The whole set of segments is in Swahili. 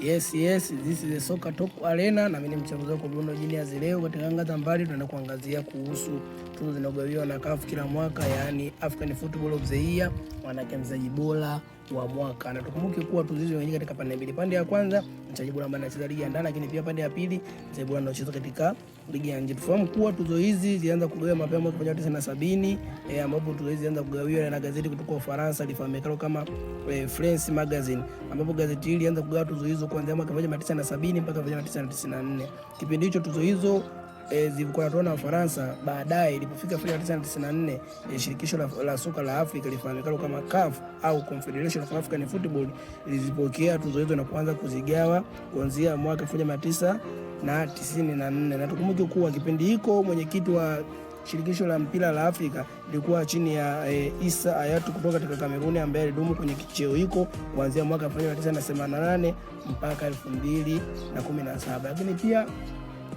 Yes, yes, this is a Soccer Talk Arena na mimi ni mchambuzi wako Bruno Genius. Leo katika anga za mbali tunaenda kuangazia kuhusu tuzo zinazogawiwa na CAF kila mwaka, yani African Football of the Year, wanawake mchezaji bora wa mwaka. Na tukumbuke kuwa tuzo hizo wenyewe katika pande mbili. Pande ya kwanza mchezaji bora ambaye anacheza ligi ya ndani, lakini pia pande ya pili mchezaji bora anayecheza katika ligi ya nje. Tufahamu kuwa tuzo hizi zilianza kugawiwa mapema mwaka 1970 eh, ambapo tuzo hizi zilianza kugawiwa na gazeti kutoka Ufaransa lifahamikalo kama eh, France Magazine, ambapo gazeti hili lilianza kugawa tuzo hizo kuanzia mwaka 1970 mpaka 1994. Kipindi hicho tuzo hizo e, zilikuwa natoa na Wafaransa. Baadaye ilipofika 1994, e, shirikisho la, la soka la Afrika lilifahamikana kama CAF au Confederation of African Football lilizipokea tuzo hizo na kuanza kuzigawa kuanzia mwaka 1994 na, na tukumbuke kuwa kipindi hiko mwenyekiti wa shirikisho la mpira la Afrika lilikuwa chini ya e, eh, Isa Ayatu kutoka katika Kameruni ambaye alidumu kwenye kicheo hiko kuanzia mwaka 1988 mpaka 2017 lakini pia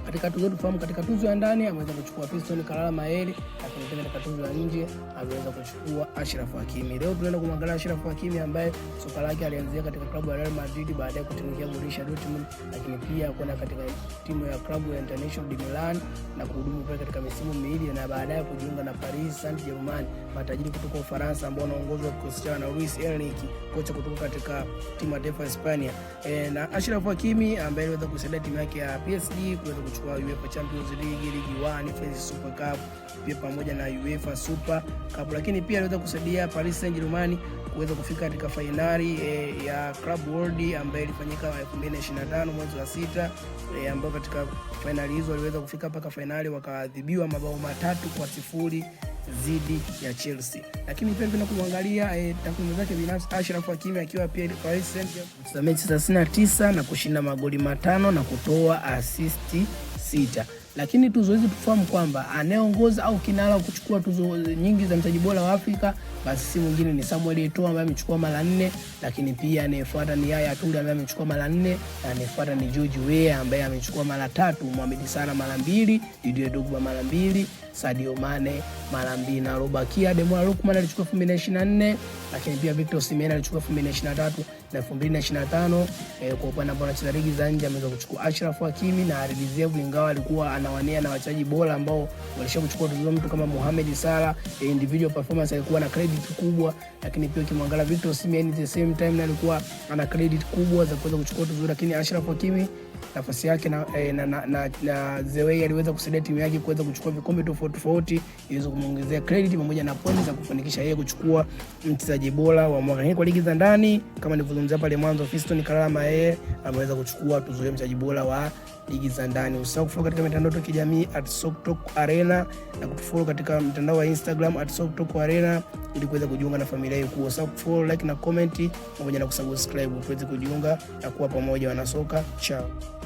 katika tuzo tufahamu, katika tuzo ya ndani ameweza kuchukua Piston Kalala Maeli, lakini pia katika tuzo ya nje ameweza kuchukua Ashraf Hakimi. Leo tunaenda kumwangalia Ashraf Hakimi ambaye soka lake alianzia katika klabu ya Real Madrid, baadaye kutumikia Borussia Dortmund, lakini pia kwenda katika timu ya klabu ya International de Milan na kuhudumu pale katika misimu miwili na baadaye kujiunga na Paris Saint-Germain, matajiri kutoka Ufaransa ambao wanaongozwa kikosi chao na Luis Enrique, kocha kutoka katika timu ya taifa Hispania. E, na Ashraf Hakimi ambaye aliweza kusaidia timu yake ya PSG kuweza kuchukua UEFA Champions League, Ligi 1 FA Super Cup pia pamoja na UEFA Super Cup, lakini pia aliweza kusaidia Paris Saint-Germain kuweza kufika katika fainali e, eh, ya Club World ambayo ilifanyika 2025 mwezi wa sita e, eh, ambayo katika fainali hizo waliweza kufika mpaka fainali wakaadhibiwa mabao matatu kwa sifuri dhidi ya Chelsea. Lakini pia tunapenda kuangalia eh, takwimu zake binafsi Ashraf Hakimi akiwa pia Paris Saint-Germain mechi 39 na kushinda magoli matano na kutoa asisti sita lakini tuzo hizi tufahamu kwamba anayeongoza au kinara kuchukua tuzo nyingi za mchezaji bora wa Afrika basi si mwingine ni Samuel Eto'o ambaye amechukua mara nne, lakini pia anayefuata ni Yaya Toure ambaye amechukua mara nne, na anayefuata ni George Weah ambaye amechukua mara tatu, Mohamed Salah mara mbili, Didier Drogba mara mbili, Sadio Mane mara mbili na Roba Kia Ademola Lookman alichukua 2024, lakini pia Victor Osimhen alichukua 2023 na 2025. Eh, kwa upande ambao anacheza ligi za nje ameweza kuchukua Ashraf Hakimi na Alizé ingawa alikuwa anawania na wachezaji bora ambao walisha kuchukua tuzo, mtu kama Mohamed Salah, individual performance alikuwa na credit kubwa, lakini pia ukimwangalia Victor Osimhen at the same time na alikuwa ana credit kubwa za kuweza kuchukua tuzo, lakini Ashraf Hakimi nafasi yake na, eh, na, na, na, na Zewei aliweza kusaidia timu yake kuweza kuchukua vikombe tofauti tofauti, iliweza kumwongezea credit pamoja na points za kufanikisha yeye kuchukua mchezaji bora wa mwaka hii kwa ligi za ndani. Kama nilivyozungumzia pale mwanzo, Fiston Kalala yeye ameweza kuchukua tuzo ya mchezaji bora wa ligi za ndani. Usisahau kufollow katika mitandao yetu ya kijamii at Soptalk Arena na kutufollow katika mtandao wa Instagram at Soptalk Arena ili kuweza kujiunga na familia hii kubwa. Follow, like na comment pamoja na kusubscribe tuweze kujiunga na kuwa pamoja wanasoka. Chao.